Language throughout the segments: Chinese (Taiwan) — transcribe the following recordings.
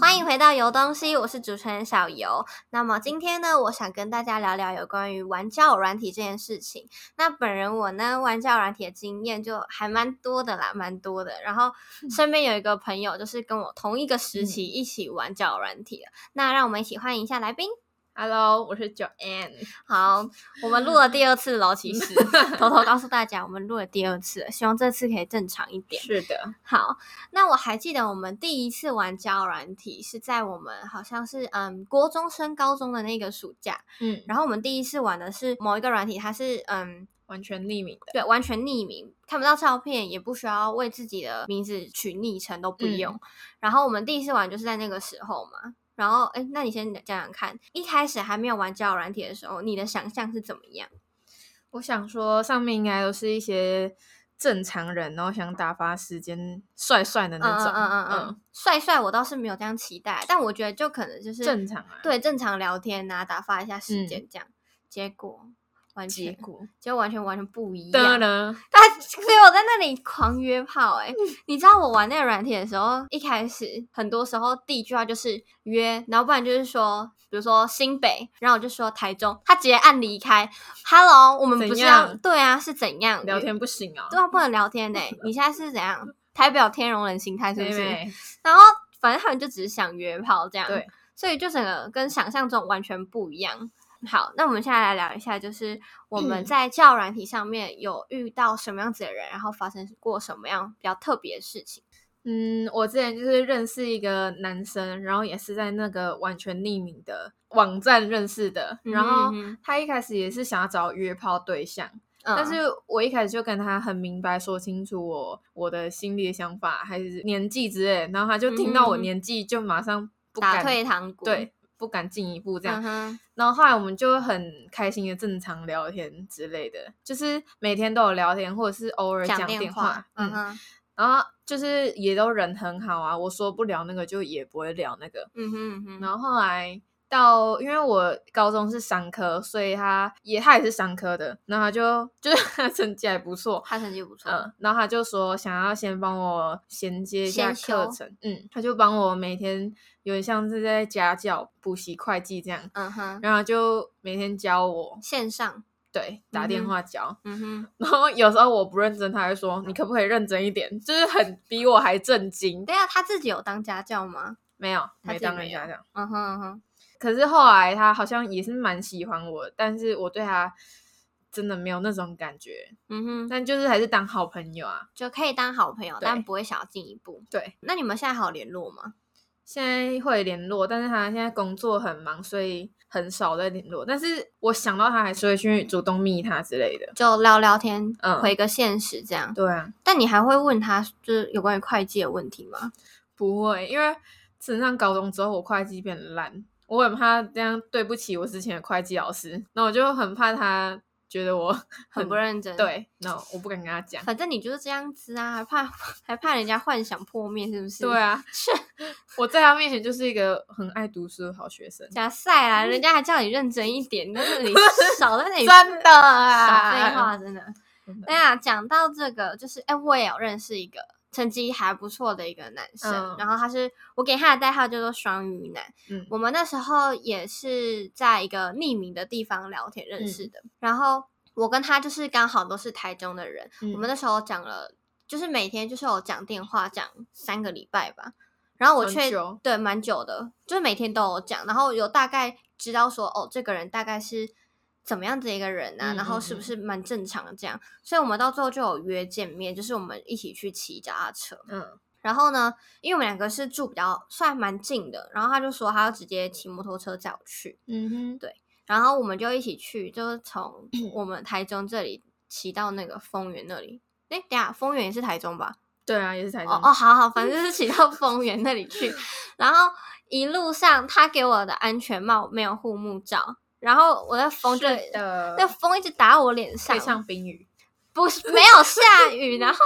歡迎回到遊東西，我是主持人小遊。那麼今天呢，我想跟大家聊聊有關於玩交友軟體這件事情。那本人我呢，玩交友軟體的經驗就還蠻多的啦，蠻多的。然後身邊有一個朋友，就是跟我同一個時期一起玩交友軟體，那讓我們一起歡迎一下來賓。Hello，我是 Joanne。好，我們錄了第二次了，， 其實偷偷告訴大家，我們錄了第二次，希望這次可以正常一點。是的。好，那我還記得我們第一次玩交友軟體是在我們好像是嗯，國中升高中的那個暑假。嗯。然後我們第一次玩的是某一個軟體，它是嗯，完全匿名的。對，完全匿名，看不到照片，也不需要為自己的名字取昵稱，都不用。嗯。然後我們第一次玩就是在那個時候嘛。然後，誒，那你先講講看，一開始還沒有玩交友軟體的時候，你的想象是怎麼樣？我想說，上面應該都是一些正常人，然後想打發時間，帥帥的那種。嗯嗯嗯，嗯，嗯，嗯，帥帥我倒是沒有這樣期待，但我覺得就可能就是正常啊，對，正常聊天啊，打發一下時間這樣。嗯、結果。完結果就完全完全不一樣了，啊！所以我在那裡狂約炮哎、欸， 你知道我玩那個軟體的時候，一開始很多時候第一句話就是約，然後不然就是說，比如說新北，然後我就說台中，他直接按離開。Hello，我們不這樣怎樣？對啊，是怎樣聊天不行啊？對啊，不能聊天哎、欸！ 你現在是怎樣？台北天龍人心態是不是？沒沒，然後反正他們就只是想約炮這樣，對，所以就整個跟想象中完全不一樣。好，那我們現在來聊一下，就是我們在交軟體上面有遇到什麼樣子的人，嗯，然後發生過什麼樣比較特別的事情。嗯，我之前就是認識一個男生，然後也是在那個完全匿名的網站認識的，嗯。然後他一開始也是想要找約炮對象，嗯，但是我一開始就跟他很明白說清楚我我的心裡的想法，還是年紀之類。然後他就聽到我年紀，嗯，就馬上打退堂鼓。對。不敢進一步這樣，嗯，然後後來我們就很開心的正常聊天之類的，就是每天都有聊天，或者是偶爾講電話，電話嗯，嗯，然後就是也都人很好啊，我說不聊那個就也不會聊那個，嗯嗯、然後後來。到，因為我高中是商科，所以他也他也是商科的，那他就就是他成績還不錯，他成績不錯，嗯，然後他就說想要先幫我銜接一下課程，嗯，他就幫我每天有點像是在家教補習會計這樣，嗯哼，然後就每天教我線上，對，打電話教，嗯哼，然後有時候我不認真，他就說你可不可以認真一點，就是很比我還震驚，對啊，他自己有當家教嗎？沒有，沒有，沒當過家教，嗯哼嗯哼。可是後來他好像也是蠻喜歡我，但是我對他真的沒有那種感覺，嗯哼，但就是還是當好朋友啊，就可以當好朋友，但不會想要進一步。對，那你們現在好聯絡嗎？現在會聯絡，但是他現在工作很忙，所以很少在聯絡。但是我想到他還是會去主動密他之類的，就聊聊天，嗯，回個現實這樣。對啊，但你還會問他就是有關於會計的問題嗎？不會，因為自從上高中之後，我會計變爛。我很怕這樣對不起我之前的會計老師，那我就很怕他覺得我很、很不認真。對，那我不敢跟他講。反正你就是這樣子啊，還怕還怕人家幻想破滅是不是？對啊， 我在他面前就是一個很愛讀書的好學生。假賽啦，人家還叫你認真一點， 但是你少在那裡真的啊，少廢話真的。哎呀、啊，講到這個，就是哎，我也要認識一個成績還不錯的一個男生，嗯、然後他是我給他的代號叫做雙魚男、嗯。我們那時候也是在一個匿名的地方聊天認識的，嗯、然後我跟他就是剛好都是台中的人、嗯。我們那時候講了，就是每天就是有講電話講三個禮拜吧，然後我卻對蠻久的，就是每天都有講，然後有大概知道說哦，這個人大概是。怎麼樣子一個人呢、啊嗯？然後是不是蠻正常的這樣？所以我們到最後就有約見面，就是我們一起去騎腳踏車。嗯，然後呢，因為我們兩個是住比較算蠻近的，然後他就說他要直接騎摩托車載我去。嗯哼，對。然後我們就一起去，就是從我們台中這裡騎到那個豐原那裡。誒、欸，等下，豐原也是台中吧？對啊，也是台中。哦，哦好好，反正是騎到豐原那裡去。 然後一路上他給我的安全帽沒有護目罩。然後我的風就那風一直打在我臉上，像冰雨，不是，沒有下雨。 然後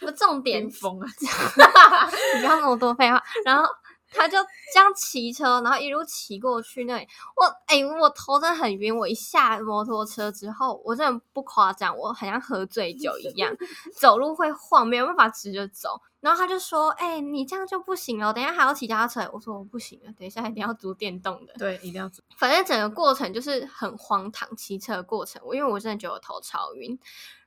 不重點風啊， 你不要那麼多廢話。 然後他就這樣騎車，然後一路騎過去那裡。我哎、欸，我頭真的很暈。我一下摩托車之後，我真的不誇張，我好像喝醉酒一樣， 走路會晃，沒有辦法直着走。然後他就說：“哎、欸，你這樣就不行哦，等一下還要騎腳踏車。”我說：“我不行了，等一下一定要租電動的。”對，一定要租。反正整個過程就是很荒唐，騎車的過程。我因為我真的覺得我頭超暈。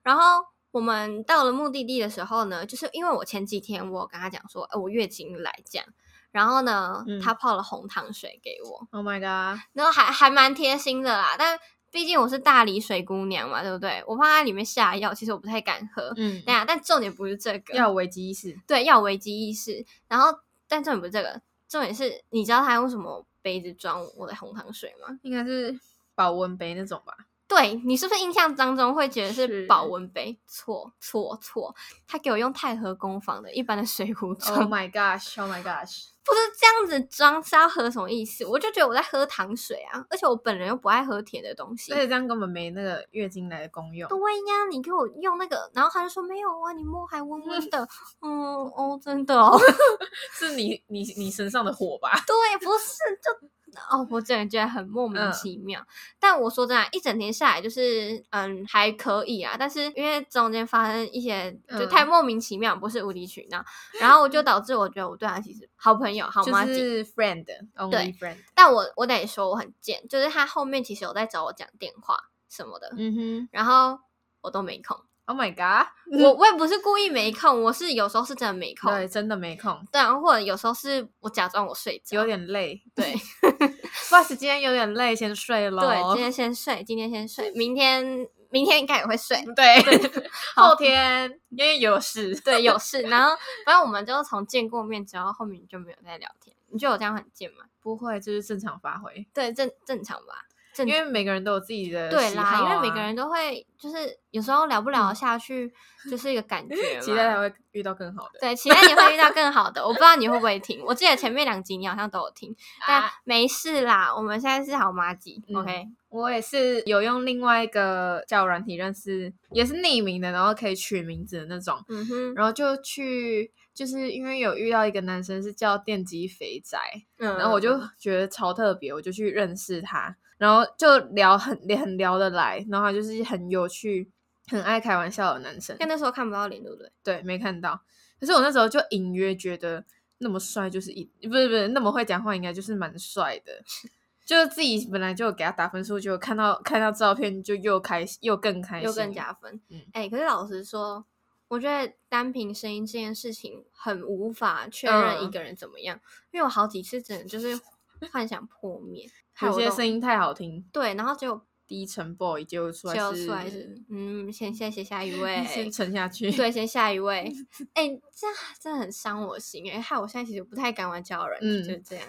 然後我們到了目的地的時候呢，就是因為我前幾天我有跟他講說、欸、我月經來這樣，然後呢、嗯，他泡了紅糖水給我。Oh my god！然後還還蠻貼心的啦，但。畢竟我是大理水姑娘嘛，對不對？我怕他裡面下藥，其實我不太敢喝。嗯，對呀。但重點不是這個，要有危機意識。對，要有危機意識。然後，但重點不是這個，重點是你知道他用什麼杯子裝我的紅糖水嗎？應該是保溫杯那種吧。對，你是不是印象當中會覺得是保溫杯？錯錯錯，他給我用太和工坊的一般的水壺。Oh my god! Oh my god! 不是這樣子裝，是要喝什麼意思？我就覺得我在喝糖水啊，而且我本人又不愛喝甜的東西，所以這樣根本沒那個月經來的功用。對呀、啊，你給我用那個，然後他就說沒有啊，你摸還溫溫的，嗯，哦，真的哦， 是你你你身上的火吧？對，不是就。哦，我真的覺得很莫名其妙。嗯、但我說真的，一整天下來就是嗯還可以啊。但是因為中間發生一些就太莫名其妙，嗯、不是無理取鬧，然後我就導致我覺得我對他其實好朋友，好嗎，就是 friend, only friend. 對 friend。但我我得說我很賤，就是他後面其實有在找我講電話什麼的，嗯哼，然後我都沒空。Oh my god，我、嗯、我也不是故意沒空，我是有時候是真的沒空，對，真的沒空，對、啊，或者有時候是我假裝我睡覺，有點累，對。 Boss 今天有點累，先睡咯對，今天先睡，今天先睡，明天明天應該也會睡。對， 後天因為有事，對，有事。然後，反正我們就從見過面之後，後面就沒有再聊天。你覺得我這樣很賤嗎？不會，就是正常發揮。對，正正常吧。因為每個人都有自己的、啊、對啦，因為每個人都會，就是有時候聊不聊下去、嗯，就是一個感覺，期待他會遇到更好的。對，期待你會遇到更好的。 我不知道你會不會聽，我記得前面兩集你好像都有聽、啊，但沒事啦，我們現在是好麻吉、嗯、OK，我也是有用另外一個交友軟體認識，也是匿名的，然後可以取名字的那種。嗯哼，然後就去，就是因為有遇到一個男生是叫電擊肥宅、嗯，然後我就覺得超特別，我就去認識他。然後就聊很也很聊得來，然後他就是很有趣、很愛開玩笑的男生。但那時候看不到臉，對不對？對，沒看到。可是我那時候就隱約覺得那麼帥，就是一不是不是那麼會講話，應該就是蠻帥的。 就是自己本來就給他打分數，就看到看到照片就又開心又更開心，又更加分。哎、嗯，欸，可是老實說，我覺得單憑聲音這件事情很無法確認一個人怎麼樣，嗯、因為我好幾次真的就是幻想破滅。 有些聲音太好聽，對，然後就低沉 boy 就出來、就出來是，嗯，先先寫下一位，先沉下去，對，先下一位，哎、 欸，這樣真的很傷我心哎、欸，害我現在其實不太敢玩叫人，嗯，就這樣。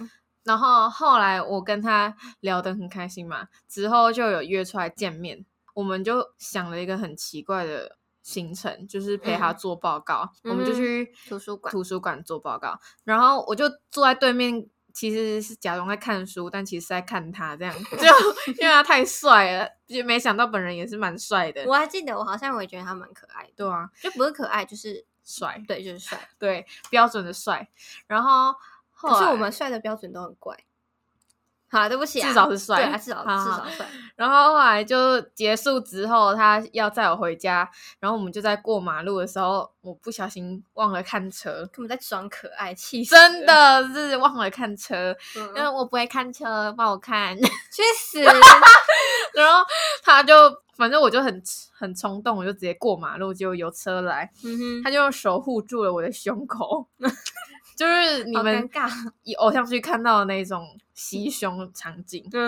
然後後來我跟他聊得很開心嘛，之後就有約出來見面，我們就想了一個很奇怪的行程，就是陪他做報告，嗯、我們就去、嗯、圖書館圖書館做報告，然後我就坐在對面。其實是假裝在看書，但其實在看他，這樣 就因為他太帥了，就沒想到本人也是蠻帥的。我還記得，我好像我也覺得他蠻可愛。對啊，就不是可愛，就是帥。對，就是帥，對，標準的帥。然後，可是我們帥的標準都很怪。好、啊，對不起、啊，至少是帥、啊，至少好好至少帥。然後後來就結束之後，他要載我回家，然後我們就在過馬路的時候，我不小心忘了看車，他們在裝可愛，氣死，真的是忘了看車，嗯、因為我不會看車，幫我看，去死。 然後他就，反正我就很很衝動，我就直接過馬路，就由有車來，嗯、他就用手護住了我的胸口。 就是你們以偶像劇看到的那種襲胸場景，那、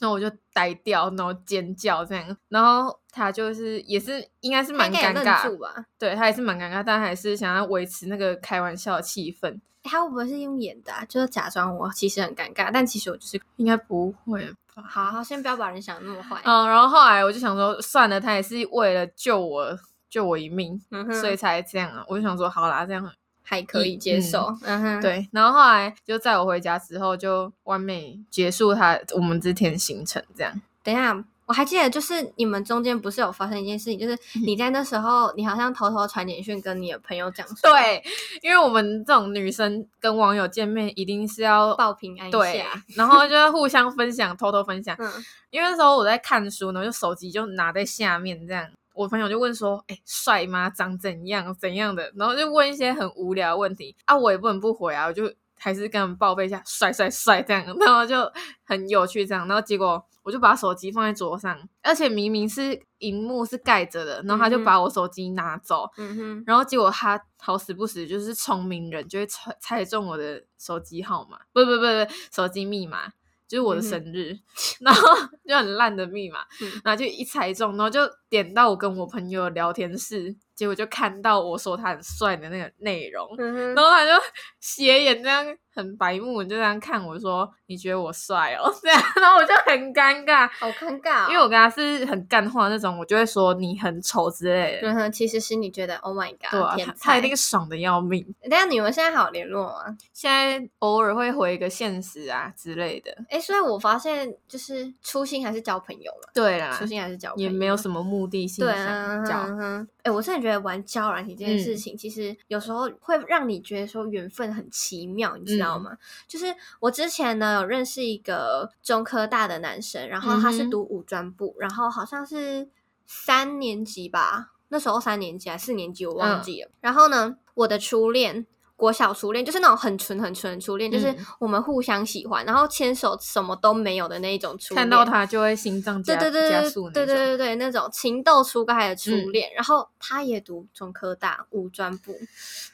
嗯、我就呆掉，然後尖叫這樣，然後他就是也是應該是蠻尷尬，住吧，對，他也是蠻尷尬，但還是想要維持那個開玩笑的氣氛。欸、他會不會是用演的？啊，就是假裝我其實很尷尬，但其實我就是應該不會吧。嗯好，好，先不要把人想那麼壞。嗯，然後後來我就想說，算了，他也是為了救我，救我一命，嗯、哼所以才這樣啊。我就想說，好啦，這樣。還可以接受，嗯哼，uh-huh，對。然後後來就在我回家之後，就完美結束他我們之前行程這樣。等一下，我還記得就是你們中間不是有發生一件事情，就是你在那時候你好像偷偷傳簡訊跟你的朋友講。 對，因為我們這種女生跟網友見面一定是要報平安一下，對，然後就互相分享， 偷偷分享。因為那時候我在看書呢，就手機就拿在下面這樣。我朋友就問說：“誒、欸、帥嗎？長怎樣？怎樣的？”然後就問一些很無聊的問題啊！我也不能不回啊，我就還是跟他們報備一下，帥帥帥這樣，然後就很有趣這樣。然後結果我就把手機放在桌上，而且明明是螢幕是蓋着的，然後他就把我手機拿走、嗯哼。然後結果他好死不死就是聰明人，就會猜猜中我的手機號碼，不不不不，手機密碼就是我的生日，嗯、然後就很爛的密碼、嗯，然後就一猜中，然後就。點到我跟我朋友聊天室，結果就看到我說他很帥的那個內容、嗯，然後他就斜眼這樣很白目，就這樣看我說：“你覺得我帥哦？”這樣，然後我就很尷尬，好尷尬、哦，因為我跟他是很乾話那種，我就會說你很醜之類的、嗯。其實是你覺得，Oh my god，對、啊、他一定爽的要命。但你們現在好聯絡嗎？現在偶爾會回一個現實啊之類的。哎、欸，所以我發現，就是初心還是交朋友了，對啦，初心還是交朋友。也沒有什麼目。目的性的，對啊，哎、欸，我真的覺得玩交友軟體這件事情、嗯，其實有時候會讓你覺得說緣分很奇妙、嗯，你知道嗎？就是我之前呢有認識一個中科大的男生，然後他是讀五專部、嗯，然後好像是三年級吧，那時候三年級還、啊、四年級我忘記了。嗯、然後呢，我的初戀。國小初戀就是那種很純很純的初戀、嗯，就是我們互相喜歡，然後牽手什麼都沒有的那一種初戀。看到他就會心臟加，加速對對對對對對，那種情竇初開的初戀、嗯。然後他也讀中科大五專部，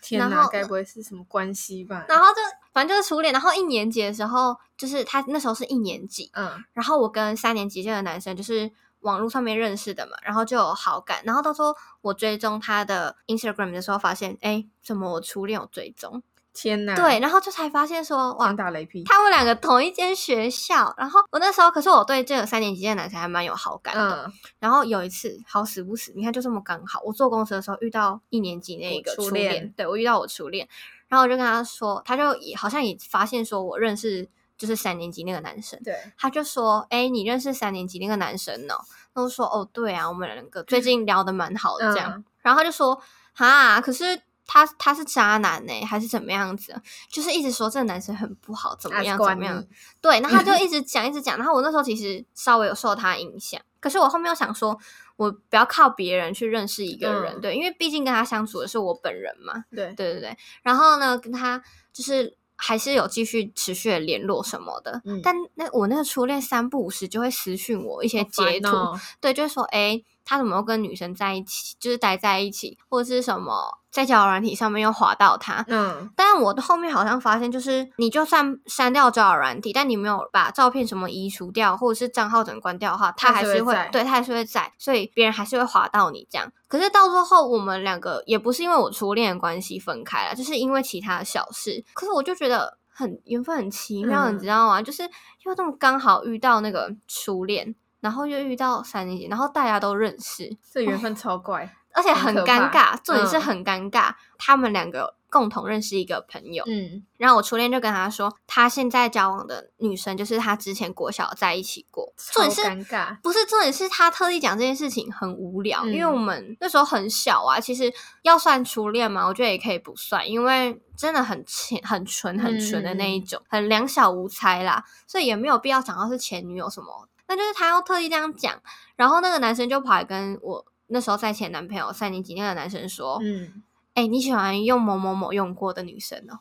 天哪、啊，該不會是什麼關係吧？然後就反正就是初戀。然後一年級的時候，就是他那時候是一年級，嗯，然後我跟三年級的男生就是。網絡上面認識的嘛，然後就有好感，然後到時候我追蹤他的 Instagram 的時候，發現，哎，怎麼我初戀有追蹤？天哪！對，然後就才發現說，哇，天打雷劈！他們兩個同一間學校，然後我那時候可是我對這個三年級的男生還蠻有好感的。嗯。然後有一次，好死不死，你看就這麼剛好，我坐公車的時候遇到一年級那個初戀，我初戀，對，我遇到我初戀，然後我就跟他說，他就也好像也發現說我認識。就是三年級那個男生，對，他就說：“哎、欸，你認識三年級那個男生呢、喔？”那我說：“哦，對啊，我們兩個最近聊得蠻好的，這樣。嗯”然後他就說：“哈，可是他他是渣男呢、欸，還是怎麼樣子、啊？就是一直說這個男生很不好，怎麼樣怎麼樣？對，那他就一直講一直講。 然後我那時候其實稍微有受他影響，可是我後面又想說，我不要靠別人去認識一個人，嗯、對，因為畢竟跟他相處的是我本人嘛，對對對對。然後呢，跟他就是。”還是有繼續持續的聯絡什麼的，嗯、但那我那個初戀三不五時就會私訊我一些截圖，哦、對，就是說，哎，他怎麼又跟女生在一起，就是待在一起，或者是什麼。在交友軟體上面又滑到他，嗯，但我後面好像發現，就是你就算刪掉交友軟體，但你沒有把照片什麼移除掉，或者是賬號整關掉的話，他還是會，是會，對，他還是會在，所以別人還是會滑到你這樣。可是到最後，我們兩個也不是因為我初戀的關係分開了，就是因為其他的小事。可是我就覺得很緣分很奇妙，嗯，你知道嗎？就是又這麼剛好遇到那個初戀，然後又遇到三年級，然後大家都認識，這緣分超怪。哦而且很尷尬，重點是很尷尬。嗯、他們兩個共同認識一個朋友，嗯，然後我初戀就跟他說，他現在交往的女生就是他之前國小在一起過。重點是，不是重點是他特意講這件事情很無聊、嗯，因為我們那時候很小啊。其實要算初戀嘛，我覺得也可以不算，因為真的很淺、很純、很純的那一種、嗯，很兩小無猜啦，所以也沒有必要講到是前女友什麼。那就是他要特意這樣講，然後那個男生就跑來跟我。那時候在前男朋友三年幾年的男生說：“嗯，哎、欸，你喜歡用某某某用過的女生哦、喔，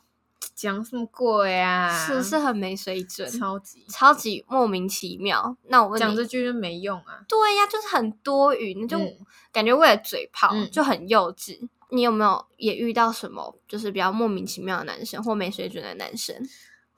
講什麼鬼呀？是是很沒水準，超級超級莫名其妙。那我問你講這句就沒用啊？對呀、啊，就是很多餘，你就感覺為了嘴炮、嗯、就很幼稚。你有沒有也遇到什麼就是比較莫名其妙的男生或沒水準的男生？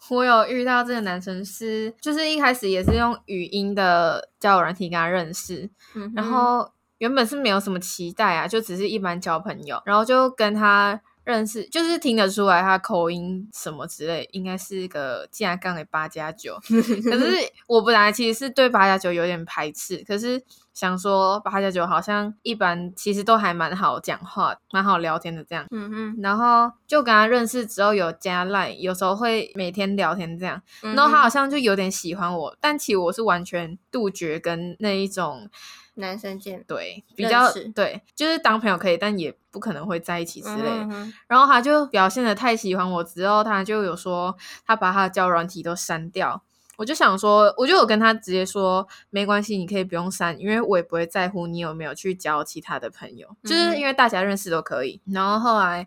我有遇到這個男生是，就是一開始也是用語音的交友軟體跟他認識，嗯、然後。”原本是沒有什麼期待啊，就只是一般交朋友，然後就跟他認識，就是聽得出來他口音什麼之類，應該是個竟然幹了八加九。 可是我本來其實是對八加九有點排斥，可是。想說八加九好像一般，其實都還蠻好講話，蠻好聊天的這樣。嗯嗯。然後就跟他認識之後有加 line，有時候會每天聊天這樣，嗯。然後他好像就有點喜歡我，但其實我是完全杜絕跟那一種男生見面。對，比較對，就是當朋友可以，但也不可能會在一起之類。嗯、哼哼然後他就表現得太喜歡我之後，他就有說他把他的交友軟體都刪掉。我就想說，我就有跟他直接說沒關係，你可以不用刪，因為我也不會在乎你有沒有去交其他的朋友，嗯、就是因為大家認識都可以。然後後來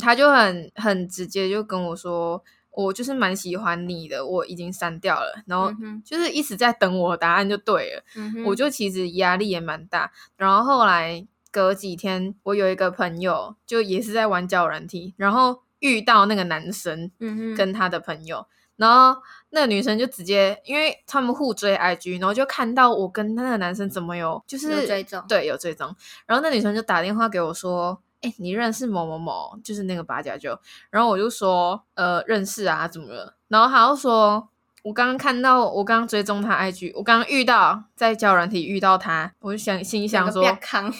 他就很很直接就跟我說，我就是蠻喜歡你的，我已經刪掉了。然後就是一直在等我答案就對了，嗯、我就其實壓力也蠻大。然後後來隔幾天，我有一個朋友就也是在玩交友軟體，然後遇到那個男生跟他的朋友。嗯然後那個女生就直接，因為他們互追 IG，然後就看到我跟那個男生怎麼有就是有追蹤，對有追蹤。然後那女生就打電話給我說：“哎、欸，你認識某某某？就是那個八甲舅。”然後我就說：“呃，認識啊，怎麼了？”然後她又說：“我剛剛看到，我剛剛追蹤他 IG，我剛剛遇到在交軟體遇到他，我就想心想說，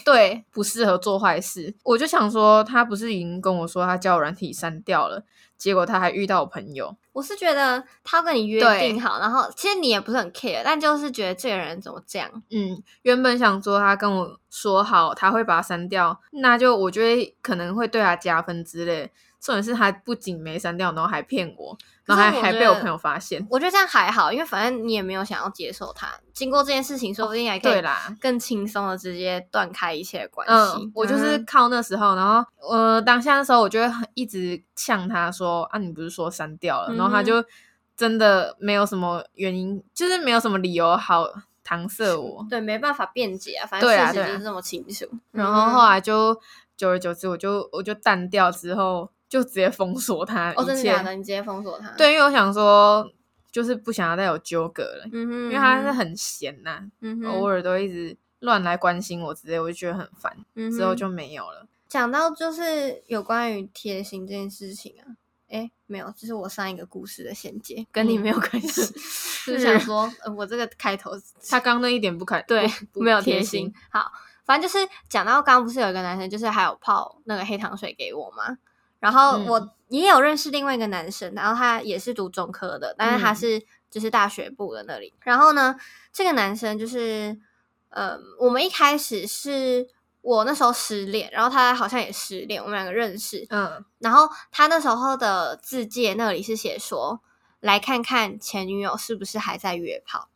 對，不適合做壞事。我就想說，他不是已經跟我說他交軟體刪掉了，結果他還遇到我朋友。”我是覺得他跟你約定好，然後其實你也不是很 care，但就是覺得這個人怎麼這樣？嗯，原本想說他跟我說好他會把他刪掉，那就我覺得可能會對他加分之類。重點是他不僅沒刪掉，然後還騙我，然後還還被我朋友發現。我覺得這樣還好，因為反正你也沒有想要接受他。經過這件事情，說不定還可以更輕鬆的直接斷開一切的關係。哦，嗯。我就是靠那時候，然後呃，當下的時候，我就會一直嗆他說啊，你不是說刪掉了？嗯然後他就真的沒有什麼原因，就是沒有什麼理由好搪塞我。對，沒辦法辯解啊，反正事實就是這麼清楚。啊啊嗯、然後後來就久而久之，我就我就淡掉之後，就直接封鎖他。哦，真的假的？你直接封鎖他？對，因為我想說，就是不想要再有糾葛了。嗯、因為他是很閒吶、啊嗯，偶爾都一直亂來關心我之類，我就覺得很煩。嗯、之後就沒有了。講到就是有關於貼心這件事情啊。哎，沒有，這、就是我上一個故事的銜接，跟你沒有關係，嗯、 就是想說、 呃，我這個開頭，他剛，剛那一點不開，對，沒有貼心，貼心。好，反正就是講到剛剛不是有一個男生，就是還有泡那個黑糖水給我嘛，然後、嗯、我也有認識另外一個男生，然後他也是讀中科的，但是他是就是大學部的那裡。嗯、然後呢，這個男生就是，呃，我們一開始是。我那時候失戀，然後他好像也失戀，我們兩個認識。嗯，然後他那時候的自介那裡是寫說，來看看前女友是不是還在約炮。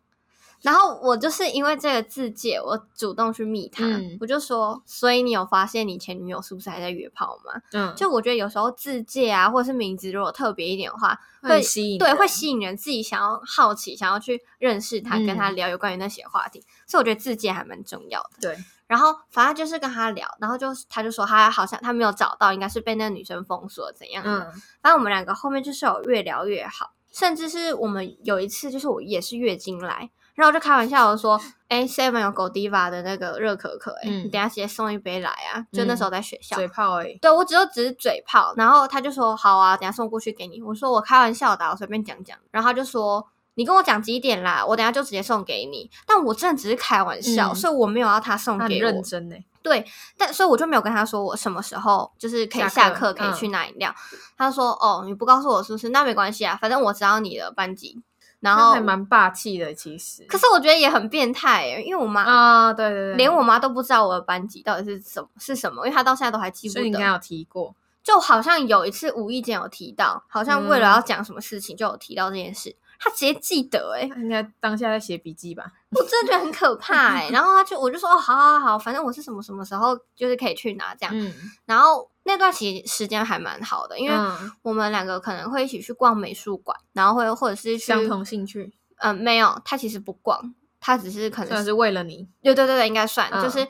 然後我就是因為這個自介，我主動去密他，嗯，我就說，所以你有發現你前女友是不是還在約炮嗎？嗯，就我覺得有時候自介啊，或者是名字，如果特別一點的話，會，會吸引，啊，對會吸引人自己想要好奇，想要去認識他、嗯，跟他聊有關於那些話題。所以我覺得自介還蠻重要的。對。然後反正就是跟他聊，然後就他就說他好像他沒有找到，應該是被那個女生封鎖怎樣的、嗯。反正我們兩個後面就是有越聊越好，甚至是我們有一次就是我也是月經來，然後我就開玩笑我說：“哎 ，Seven 有 Godiva 的那個熱可可欸，欸、嗯，你等一下直接送一杯來啊。”就那時候在學校、嗯、嘴炮欸，對我只有只是嘴炮，然後他就說：“好啊，等一下送過去給你。”我說：“我開玩笑的、啊，我隨便講講。”然後他就說。你跟我講幾點啦？我等下就直接送給你。但我真的只是開玩笑，嗯、所以我沒有要他送給我。很認真呢、欸？對，但所以我就沒有跟他說我什麼時候就是可以下課可以去拿飲料。嗯、他說：“哦，你不告訴我是不是？那沒關係啊，反正我知道你的班級。”然後還蠻霸氣的，其實。可是我覺得也很變態、欸，因為我媽啊、哦，對對對，連我媽都不知道我的班級到底是什麼是什麼，因為她到現在都還記不得。所以應該有提過，就好像有一次無意間有提到，好像為了要講什麼事情，就有提到這件事。他直接記得哎、欸，應該當下在寫筆記吧？我、哦、真的覺得很可怕哎、欸。 然後他就我就說哦，好，好，好，反正我是什麼什麼時候就是可以去拿這樣。嗯，然後那段期時間還蠻好的，因為我們兩個可能會一起去逛美術館，然後會或者是去相同興趣。嗯、呃，沒有，他其實不逛，他只是可能是，是為了你。對對對對，應該算、嗯、就是。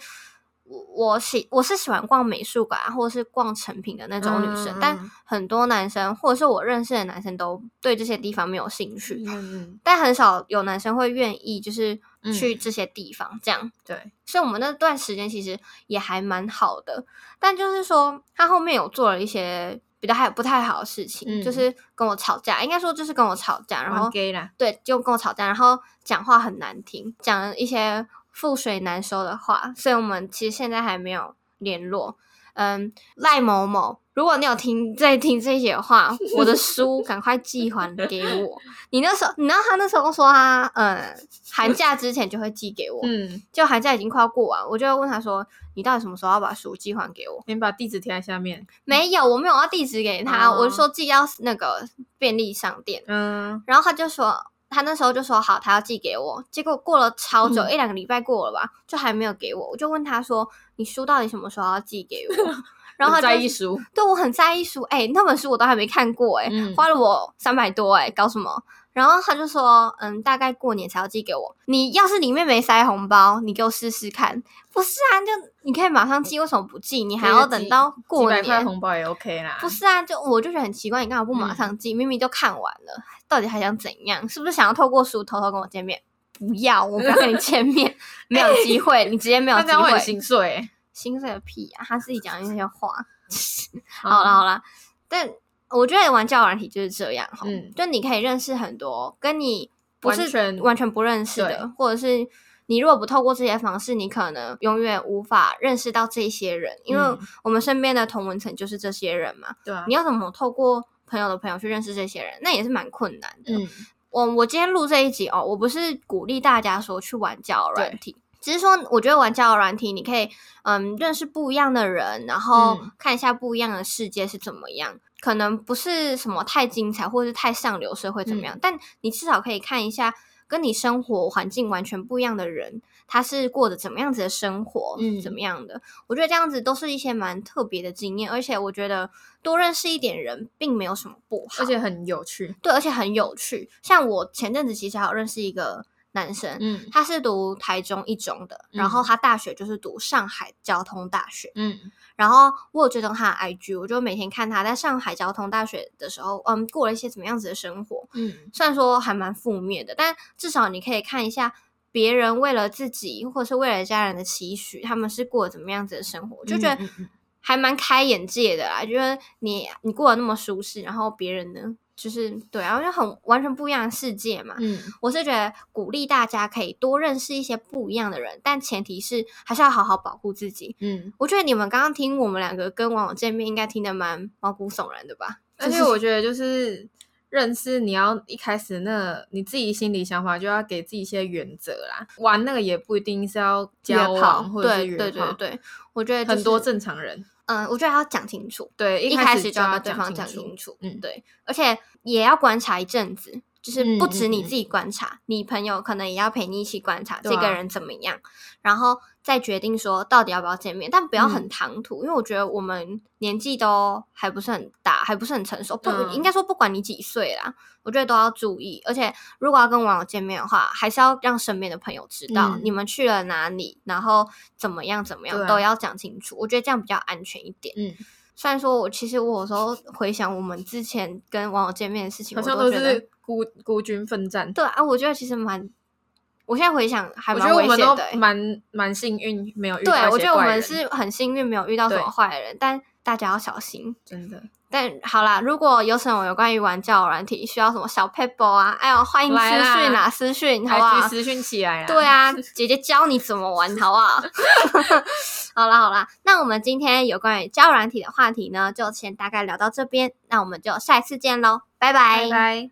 我喜、我是喜歡逛美術館啊，或者是逛誠品的那種女生，嗯嗯，但很多男生或者是我認識的男生都對這些地方沒有興趣，嗯嗯嗯，但很少有男生會願意就是去這些地方、嗯、這樣。對，所以我們那段時間其實也還蠻好的，但就是說他後面有做了一些比較還不太好的事情，嗯、就是跟我吵架，應該說就是跟我吵架，然後對就跟我吵架，然後講話很難聽，講一些，覆水難收的話，所以我們其實現在還沒有聯絡。嗯，賴某某，如果你有聽在聽這些話， 我的書趕快寄還給我。你那時候，你知道他那時候說他，嗯，寒假之前就會寄給我。嗯，就寒假已經快要過完，我就會問他說，你到底什麼時候要把書寄還給我，你把地址填在下面。沒有，我沒有要地址給他，哦、我就說寄到那個便利商店。嗯，然後他就說。他那時候就說好，他要寄給我。結果過了超久，一、嗯、兩、欸、個禮拜過了吧，就還沒有給我。我就問他說：“你書到底什麼時候要寄給我？” 然後就在意書，對我很在意書。哎、欸，那本書我都還沒看過、欸，哎、嗯，花了我三百多、欸，哎，搞什麼？然後他就說，嗯，大概過年才要寄給我。你要是裡面沒塞紅包，你給我試試看。不是啊，你就你可以馬上寄，嗯，為什麼不寄？你還要等到過年？啊、幾百塊紅包也 OK 啦。不是啊，就我就覺得很奇怪，你幹嘛不馬上寄，嗯？明明就看完了，到底還想怎樣？是不是想要透過書偷偷跟我見面？不要，我不要跟你見面， 沒有機會，你直接沒有機會。 心碎，心碎個屁呀、啊！他自己講的那些話。 好啦、啊 啊，好啦、啊，但。我覺得玩交友軟體就是這樣哈、嗯，就你可以認識很多跟你不是完全，不，是完全不認識的，或者是你如果不透過這些方式，你可能永遠無法認識到這些人，嗯、因為我們身邊的同溫層就是這些人嘛。對、啊，你要怎麼透過朋友的朋友去認識這些人，那也是蠻困難的。嗯，我我今天錄這一集哦，我不是鼓勵大家說去玩交友軟體，只是說我覺得玩交友軟體，你可以嗯認識不一樣的人，然後看一下不一樣的世界是怎麼樣。嗯可能不是什麼太精彩，或者是太上流社會怎麼樣，嗯？但你至少可以看一下，跟你生活環境完全不一樣的人，他是過着怎麼樣子的生活，嗯、怎麼樣的？我覺得這樣子都是一些蠻特別的經驗，而且我覺得多認識一點人，並沒有什麼不好，而且很有趣。對，而且很有趣。像我前陣子其實還好認識一個男生，嗯，他是讀台中一中的，然後他大學就是讀上海交通大學，嗯。嗯然後我追蹤他 IG，我就每天看他在上海交通大學的時候，嗯，過了一些怎麼樣子的生活。嗯，雖然說還蠻負面的，但至少你可以看一下別人為了自己，或者是為了家人的期許，他們是過了怎麼樣子的生活，就覺得還蠻開眼界的啦。嗯。就覺得你你過得那麼舒適，然後別人呢？就是對啊，就很完全不一樣的世界嘛。嗯，我是覺得鼓勵大家可以多認識一些不一樣的人，但前提是還是要好好保護自己。嗯，我覺得你們剛剛聽我們兩個跟網友見面，應該聽得蠻毛骨悚然的吧？就是、而且我覺得就是認識，你要一開始那你自己心裡想法就要給自己一些原則啦。玩那個也不一定是要交往，或者是約砲，對對對對，我覺得、就是、很多正常人。嗯，我覺得要講清楚，對，一開始就要，一開始就要對方講清楚，嗯，對，而且也要觀察一陣子。就是不止你自己觀察，嗯，你朋友可能也要陪你一起觀察這個人怎麼樣，對啊，然後再決定說到底要不要見面。但不要很唐突，嗯，因為我覺得我們年紀都還不是很大，還不是很成熟。不，嗯，應該說不管你幾歲啦，我覺得都要注意。而且如果要跟網友見面的話，還是要讓身邊的朋友知道你們去了哪裡，然後怎麼樣怎麼樣都要講清楚，對啊。我覺得這樣比較安全一點。嗯。雖然說我，我其實我有時候回想我們之前跟網友見面的事情，好像都是孤都覺得孤軍奮戰。對啊，我覺得其實蠻……我現在回想還覺得我們蠻蠻幸運，沒有遇到。對，我覺得我們是很幸運，沒有遇到什麼壞人，但大家要小心。真的。但好啦，如果有什麼有關於玩交友軟體，需要什麼小撇步啊，哎呦，歡迎私訊啊，啊，私訊，好啊，私訊起來對啊，姐姐教你怎麼玩好不好，好啊，好啦，好啦，那我們今天有關於交友軟體的話題呢，就先大概聊到這邊，那我們就下次見嘍，拜拜。拜拜。